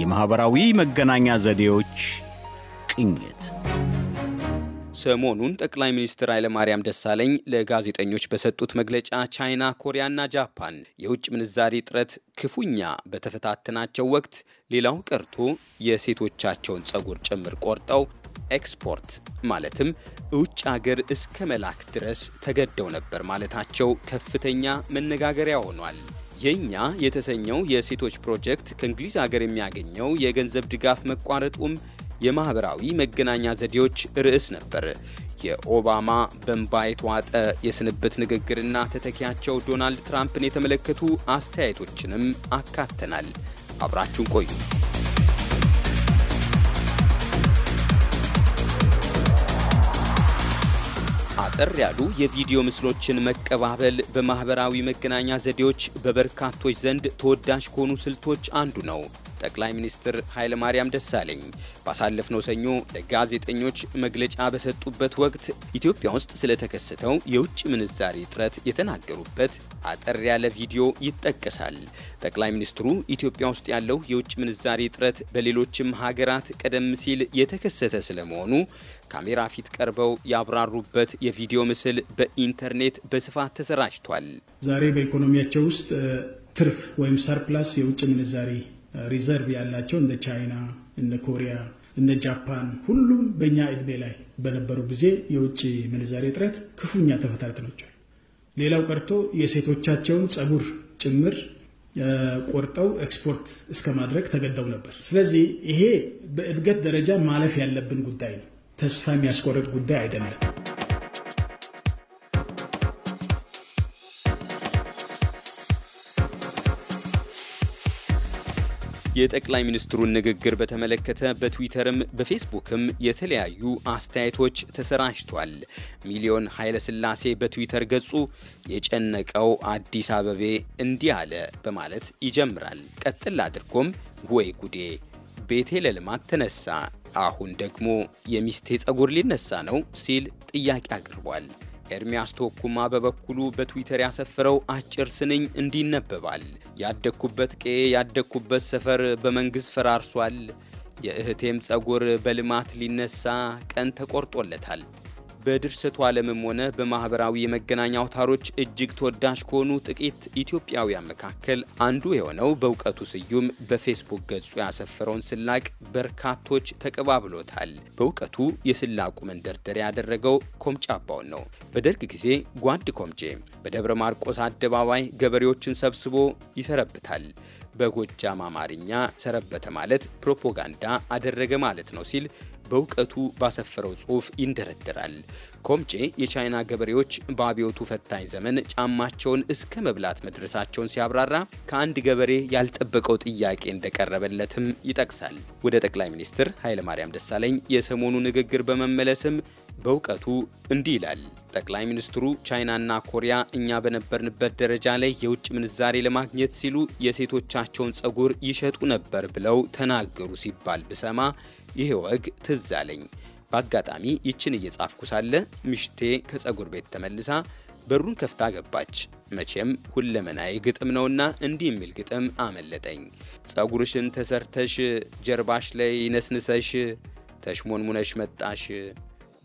የማኅበራዊ መገናኛ ዘዴዎች ቅኝት። ሰሞኑን ጠቅላይ ሚኒስትር ኃይለማርያም ደሳለኝ ለጋዜጠኞች በሰጡት መግለጫ ቻይና፣ ኮሪያና ጃፓን የውጭ ምንዛሪ እጥረት ክፉኛ በተፈታተናቸው ወቅት ሌላው ቀርቶ የሴቶቻቸውን ጸጉር ጭምር ቆርጠው ኤክስፖርት ማለትም ውጭ አገር እስከ መላክ ድረስ ተገደው ነበር ማለታቸው ከፍተኛ መነጋገሪያ ሆኗል። የእኛ የተሰኘው የሴቶች ፕሮጀክት ከእንግሊዝ ሀገር የሚያገኘው የገንዘብ ድጋፍ መቋረጡም የማኅበራዊ መገናኛ ዘዴዎች ርዕስ ነበር። የኦባማ በንባ የተዋጠ የስንብት ንግግርና ተተኪያቸው ዶናልድ ትራምፕን የተመለከቱ አስተያየቶችንም አካተናል። አብራችሁን ቆዩ። አጠር ያሉ የቪዲዮ ምስሎችን መቀባበል በማህበራዊ መገናኛ ዘዴዎች በበርካቶች ዘንድ ተወዳጅ ከሆኑ ስልቶች አንዱ ነው። ጠቅላይ ሚኒስትር ኃይለማርያም ደሳለኝ ባሳለፍነው ሰኞ ለጋዜጠኞች መግለጫ በሰጡበት ወቅት ኢትዮጵያ ውስጥ ስለተከሰተው የውጭ ምንዛሪ እጥረት የተናገሩበት አጠር ያለ ቪዲዮ ይጠቀሳል። ጠቅላይ ሚኒስትሩ ኢትዮጵያ ውስጥ ያለው የውጭ ምንዛሪ እጥረት በሌሎችም ሀገራት ቀደም ሲል የተከሰተ ስለመሆኑ ካሜራ ፊት ቀርበው ያብራሩበት የቪዲዮ ምስል በኢንተርኔት በስፋት ተሰራጭቷል። ዛሬ በኢኮኖሚያቸው ውስጥ ትርፍ ወይም ሰርፕላስ የውጭ ምንዛሪ ሪዘርቭ ያላቸው እንደ ቻይና፣ እነ ኮሪያ፣ እነ ጃፓን ሁሉም በእኛ እድሜ ላይ በነበሩ ጊዜ የውጭ ምንዛሬ እጥረት ክፉኛ ተፈታትኗቸዋል። ሌላው ቀርቶ የሴቶቻቸውን ጸጉር ጭምር ቆርጠው ኤክስፖርት እስከ ማድረግ ተገደው ነበር። ስለዚህ ይሄ በእድገት ደረጃ ማለፍ ያለብን ጉዳይ ነው። ተስፋ የሚያስቆርጥ ጉዳይ አይደለም። የጠቅላይ ሚኒስትሩን ንግግር በተመለከተ በትዊተርም በፌስቡክም የተለያዩ አስተያየቶች ተሰራጭቷል። ሚሊዮን ኃይለስላሴ በትዊተር ገጹ የጨነቀው አዲስ አበቤ እንዲህ አለ በማለት ይጀምራል። ቀጥል አድርጎም ወይ ጉዴ ቤቴ ለልማት ተነሳ አሁን ደግሞ የሚስቴ ጸጉር ሊነሳ ነው ሲል ጥያቄ አቅርቧል። ኤርሚያስ ቶኩማ በበኩሉ በትዊተር ያሰፈረው አጭር ስንኝ እንዲነበባል። ያደግኩበት ቄ ያደግኩበት ሰፈር በመንግሥት ፈራርሷል። የእህቴም ጸጉር በልማት ሊነሳ ቀን ተቆርጦለታል። በድርሰቱ ዓለምም ሆነ በማህበራዊ የመገናኛ አውታሮች እጅግ ተወዳጅ ከሆኑ ጥቂት ኢትዮጵያውያን መካከል አንዱ የሆነው በእውቀቱ ስዩም በፌስቡክ ገጹ ያሰፈረውን ስላቅ በርካቶች ተቀባብሎታል። በእውቀቱ የስላቁ መንደርደሪያ ያደረገው ኮምጫባውን ነው። በደርግ ጊዜ ጓድ ኮምጬ በደብረ ማርቆስ አደባባይ ገበሬዎችን ሰብስቦ ይሰረብታል። በጎጃም አማርኛ ሰረበተ ማለት ፕሮፖጋንዳ አደረገ ማለት ነው ሲል በእውቀቱ ባሰፈረው ጽሑፍ ይንደረደራል። ኮምጬ የቻይና ገበሬዎች በአብዮቱ ፈታኝ ዘመን ጫማቸውን እስከ መብላት መድረሳቸውን ሲያብራራ ከአንድ ገበሬ ያልጠበቀው ጥያቄ እንደቀረበለትም ይጠቅሳል። ወደ ጠቅላይ ሚኒስትር ኃይለማርያም ደሳለኝ የሰሞኑ ንግግር በመመለስም በእውቀቱ እንዲህ ይላል። ጠቅላይ ሚኒስትሩ ቻይናና ኮሪያ እኛ በነበርንበት ደረጃ ላይ የውጭ ምንዛሬ ለማግኘት ሲሉ የሴቶቻቸውን ጸጉር ይሸጡ ነበር ብለው ተናገሩ ሲባል ብሰማ ይሄ ወግ ትዝ አለኝ። በአጋጣሚ ይችን እየጻፍኩ ሳለ ምሽቴ ከጸጉር ቤት ተመልሳ በሩን ከፍታ ገባች። መቼም ሁለመናዬ ግጥም ነውና እንዲህ የሚል ግጥም አመለጠኝ። ጸጉርሽን ተሰርተሽ ጀርባሽ ላይ ነስንሰሽ ሙነሽ መጣሽ፣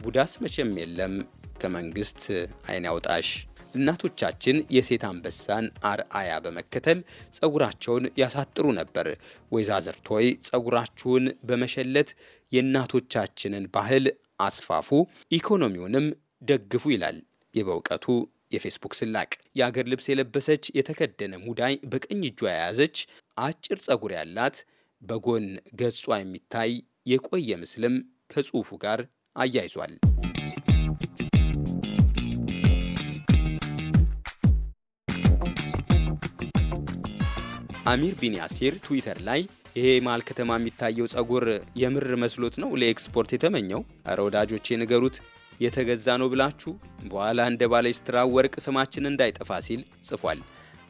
ቡዳስ መቼም የለም ከመንግስት አይን ያውጣሽ እናቶቻችን የሴት አንበሳን አርአያ በመከተል ጸጉራቸውን ያሳጥሩ ነበር። ወይዛዝርቶይ ጸጉራችሁን በመሸለት የእናቶቻችንን ባህል አስፋፉ፣ ኢኮኖሚውንም ደግፉ ይላል የበውቀቱ የፌስቡክ ስላቅ። የአገር ልብስ የለበሰች የተከደነ ሙዳይ በቀኝ እጇ የያዘች አጭር ጸጉር ያላት በጎን ገጿ የሚታይ የቆየ ምስልም ከጽሑፉ ጋር አያይዟል። አሚር ቢን ያሲር ትዊተር ላይ ይሄ መሀል ከተማ የሚታየው ጸጉር የምር መስሎት ነው ለኤክስፖርት የተመኘው? አረ ወዳጆቼ ንገሩት የተገዛ ነው ብላችሁ በኋላ እንደ ባለስትራ ወርቅ ስማችን እንዳይጠፋ ሲል ጽፏል።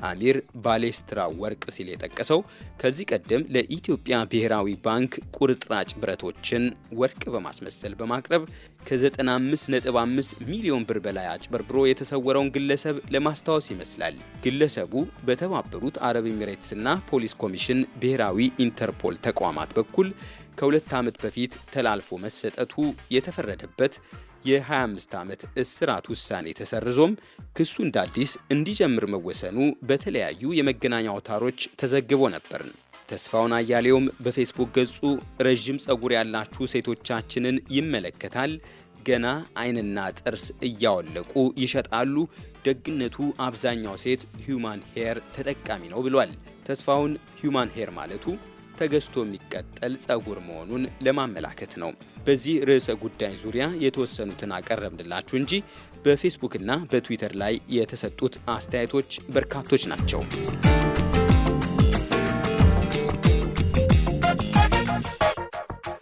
አሚር ባሌስትራ ወርቅ ሲል የጠቀሰው ከዚህ ቀደም ለኢትዮጵያ ብሔራዊ ባንክ ቁርጥራጭ ብረቶችን ወርቅ በማስመሰል በማቅረብ ከ95.5 ሚሊዮን ብር በላይ አጭበርብሮ የተሰወረውን ግለሰብ ለማስታወስ ይመስላል። ግለሰቡ በተባበሩት አረብ ኤሚሬትስና ፖሊስ ኮሚሽን ብሔራዊ ኢንተርፖል ተቋማት በኩል ከሁለት ዓመት በፊት ተላልፎ መሰጠቱ የተፈረደበት የ25 ዓመት እስራት ውሳኔ ተሰርዞም ክሱ እንደ አዲስ እንዲጀምር መወሰኑ በተለያዩ የመገናኛ አውታሮች ተዘግቦ ነበርን። ተስፋውን አያሌውም በፌስቡክ ገጹ ረዥም ጸጉር ያላችሁ ሴቶቻችንን ይመለከታል ገና አይንና ጥርስ እያወለቁ ይሸጣሉ። ደግነቱ አብዛኛው ሴት ሂዩማን ሄር ተጠቃሚ ነው ብሏል። ተስፋውን ሂዩማን ሄር ማለቱ ተገዝቶ የሚቀጠል ጸጉር መሆኑን ለማመላከት ነው። በዚህ ርዕሰ ጉዳይ ዙሪያ የተወሰኑትን አቀረብንላችሁ እንጂ በፌስቡክና በትዊተር ላይ የተሰጡት አስተያየቶች በርካቶች ናቸው።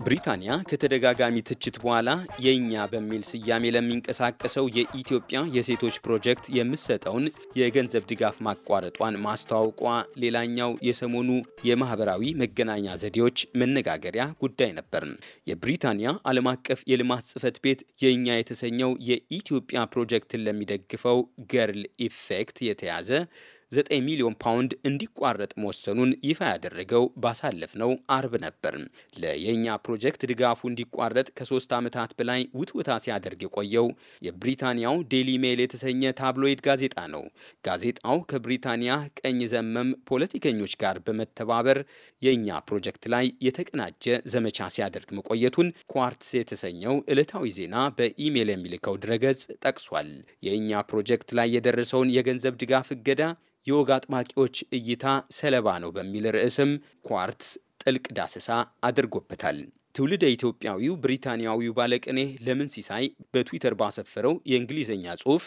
ብሪታንያ ከተደጋጋሚ ትችት በኋላ የእኛ በሚል ስያሜ ለሚንቀሳቀሰው የኢትዮጵያ የሴቶች ፕሮጀክት የምትሰጠውን የገንዘብ ድጋፍ ማቋረጧን ማስተዋወቋ ሌላኛው የሰሞኑ የማህበራዊ መገናኛ ዘዴዎች መነጋገሪያ ጉዳይ ነበርን። የብሪታንያ ዓለም አቀፍ የልማት ጽህፈት ቤት የእኛ የተሰኘው የኢትዮጵያ ፕሮጀክትን ለሚደግፈው ገርል ኢፌክት የተያዘ 9 ሚሊዮን ፓውንድ እንዲቋረጥ መወሰኑን ይፋ ያደረገው ባሳለፍነው አርብ ነበር። ለየኛ ፕሮጀክት ድጋፉ እንዲቋረጥ ከሶስት ዓመታት በላይ ውትውታ ሲያደርግ የቆየው የብሪታንያው ዴሊ ሜል የተሰኘ ታብሎይድ ጋዜጣ ነው። ጋዜጣው ከብሪታንያ ቀኝ ዘመም ፖለቲከኞች ጋር በመተባበር የእኛ ፕሮጀክት ላይ የተቀናጀ ዘመቻ ሲያደርግ መቆየቱን ኳርትስ የተሰኘው ዕለታዊ ዜና በኢሜይል የሚልከው ድረገጽ ጠቅሷል። የእኛ ፕሮጀክት ላይ የደረሰውን የገንዘብ ድጋፍ እገዳ የወግ አጥባቂዎች እይታ ሰለባ ነው በሚል ርዕስም ኳርትስ ጥልቅ ዳሰሳ አድርጎበታል። ትውልደ ኢትዮጵያዊው ብሪታንያዊው ባለቅኔ ለምን ሲሳይ በትዊተር ባሰፈረው የእንግሊዝኛ ጽሑፍ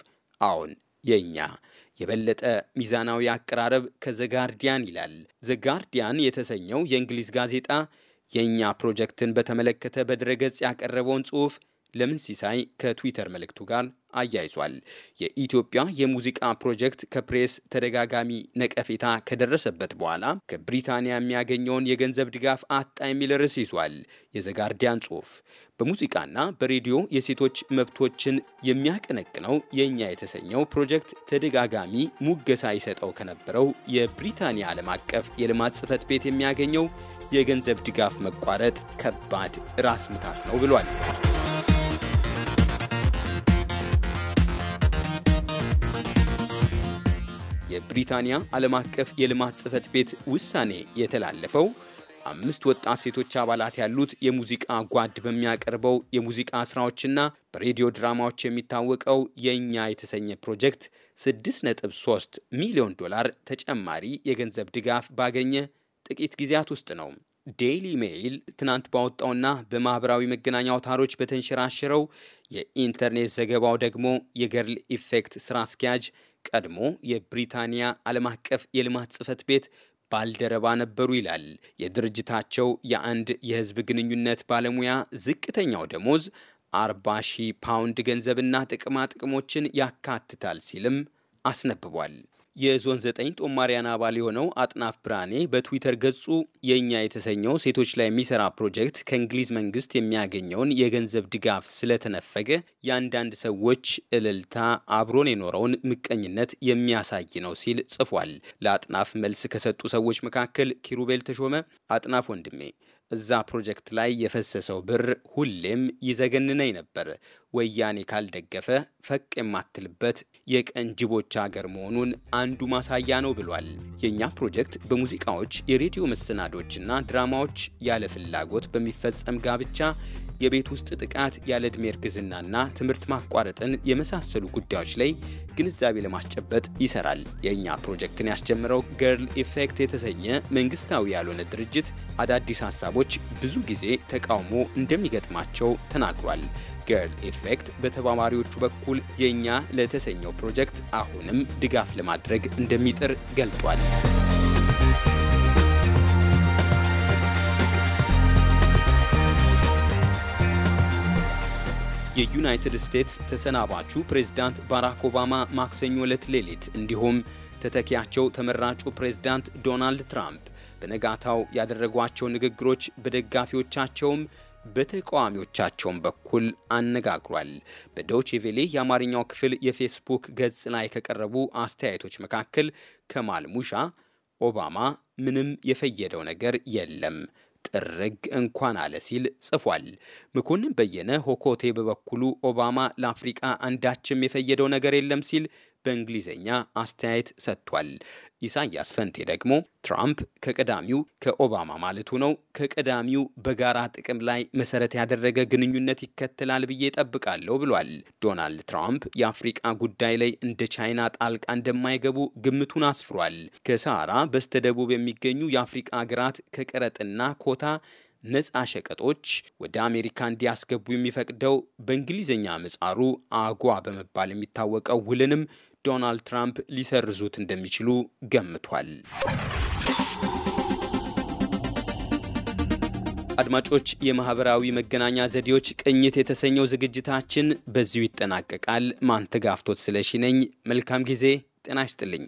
አዎን የእኛ የበለጠ ሚዛናዊ አቀራረብ ከዘጋርዲያን ይላል። ዘጋርዲያን የተሰኘው የእንግሊዝ ጋዜጣ የእኛ ፕሮጀክትን በተመለከተ በድረገጽ ያቀረበውን ጽሑፍ ለምን ሲሳይ ከትዊተር መልእክቱ ጋር አያይዟል። የኢትዮጵያ የሙዚቃ ፕሮጀክት ከፕሬስ ተደጋጋሚ ነቀፌታ ከደረሰበት በኋላ ከብሪታንያ የሚያገኘውን የገንዘብ ድጋፍ አጣ የሚል ርዕስ ይዟል የዘጋርዲያን ጽሑፍ። በሙዚቃና በሬዲዮ የሴቶች መብቶችን የሚያቀነቅነው የእኛ የተሰኘው ፕሮጀክት ተደጋጋሚ ሙገሳ ይሰጠው ከነበረው የብሪታንያ ዓለም አቀፍ የልማት ጽሕፈት ቤት የሚያገኘው የገንዘብ ድጋፍ መቋረጥ ከባድ ራስ ምታት ነው ብሏል። የብሪታንያ ዓለም አቀፍ የልማት ጽህፈት ቤት ውሳኔ የተላለፈው አምስት ወጣት ሴቶች አባላት ያሉት የሙዚቃ ጓድ በሚያቀርበው የሙዚቃ ስራዎችና በሬዲዮ ድራማዎች የሚታወቀው የእኛ የተሰኘ ፕሮጀክት 6.3 ሚሊዮን ዶላር ተጨማሪ የገንዘብ ድጋፍ ባገኘ ጥቂት ጊዜያት ውስጥ ነው። ዴይሊ ሜይል ትናንት ባወጣውና በማኅበራዊ መገናኛ አውታሮች በተንሸራሸረው የኢንተርኔት ዘገባው ደግሞ የገርል ኢፌክት ስራ አስኪያጅ ቀድሞ የብሪታንያ ዓለም አቀፍ የልማት ጽህፈት ቤት ባልደረባ ነበሩ ይላል። የድርጅታቸው የአንድ የህዝብ ግንኙነት ባለሙያ ዝቅተኛው ደሞዝ 40 ሺህ ፓውንድ ገንዘብና ጥቅማ ጥቅሞችን ያካትታል ሲልም አስነብቧል። የዞን ዘጠኝ ጦማሪያን አባል የሆነው አጥናፍ ብርሃኔ በትዊተር ገጹ የእኛ የተሰኘው ሴቶች ላይ የሚሰራ ፕሮጀክት ከእንግሊዝ መንግስት የሚያገኘውን የገንዘብ ድጋፍ ስለተነፈገ የአንዳንድ ሰዎች እልልታ አብሮን የኖረውን ምቀኝነት የሚያሳይ ነው ሲል ጽፏል። ለአጥናፍ መልስ ከሰጡ ሰዎች መካከል ኪሩቤል ተሾመ፣ አጥናፍ ወንድሜ እዛ ፕሮጀክት ላይ የፈሰሰው ብር ሁሌም ይዘገንነኝ ነበር። ወያኔ ካልደገፈ ፈቅ የማትልበት የቀን ጅቦች ሀገር መሆኑን አንዱ ማሳያ ነው ብሏል። የእኛ ፕሮጀክት በሙዚቃዎች፣ የሬዲዮ መሰናዶችና ድራማዎች ያለ ፍላጎት በሚፈጸም ጋብቻ የቤት ውስጥ ጥቃት፣ ያለ ዕድሜ እርግዝናና ትምህርት ማቋረጥን የመሳሰሉ ጉዳዮች ላይ ግንዛቤ ለማስጨበጥ ይሰራል። የእኛ ፕሮጀክትን ያስጀምረው ገርል ኢፌክት የተሰኘ መንግስታዊ ያልሆነ ድርጅት አዳዲስ ሀሳቦች ብዙ ጊዜ ተቃውሞ እንደሚገጥማቸው ተናግሯል። ገርል ኢፌክት በተባባሪዎቹ በኩል የእኛ ለተሰኘው ፕሮጀክት አሁንም ድጋፍ ለማድረግ እንደሚጥር ገልጧል። የዩናይትድ ስቴትስ ተሰናባቹ ፕሬዝዳንት ባራክ ኦባማ ማክሰኞ ዕለት ሌሊት እንዲሁም ተተኪያቸው ተመራጩ ፕሬዝዳንት ዶናልድ ትራምፕ በነጋታው ያደረጓቸው ንግግሮች በደጋፊዎቻቸውም በተቃዋሚዎቻቸውም በኩል አነጋግሯል። በዶች ቬሌ የአማርኛው ክፍል የፌስቡክ ገጽ ላይ ከቀረቡ አስተያየቶች መካከል ከማል ሙሻ ኦባማ ምንም የፈየደው ነገር የለም ጥርግ እንኳን አለ ሲል ጽፏል። መኮንን በየነ ሆኮቴ በበኩሉ ኦባማ ለአፍሪቃ አንዳችም የፈየደው ነገር የለም ሲል በእንግሊዝኛ አስተያየት ሰጥቷል። ኢሳያስ ፈንቴ ደግሞ ትራምፕ ከቀዳሚው ከኦባማ ማለቱ ነው ከቀዳሚው በጋራ ጥቅም ላይ መሰረት ያደረገ ግንኙነት ይከተላል ብዬ ጠብቃለሁ ብሏል። ዶናልድ ትራምፕ የአፍሪቃ ጉዳይ ላይ እንደ ቻይና ጣልቃ እንደማይገቡ ግምቱን አስፍሯል። ከሰሃራ በስተደቡብ የሚገኙ የአፍሪቃ ሀገራት ከቀረጥና ኮታ ነፃ ሸቀጦች ወደ አሜሪካ እንዲያስገቡ የሚፈቅደው በእንግሊዝኛ ምጻሩ አጓ በመባል የሚታወቀው ውልንም ዶናልድ ትራምፕ ሊሰርዙት እንደሚችሉ ገምቷል። አድማጮች፣ የማህበራዊ መገናኛ ዘዴዎች ቅኝት የተሰኘው ዝግጅታችን በዚሁ ይጠናቀቃል። ማንተጋፍቶት ስለሺ ነኝ። መልካም ጊዜ። ጤና ይስጥልኝ።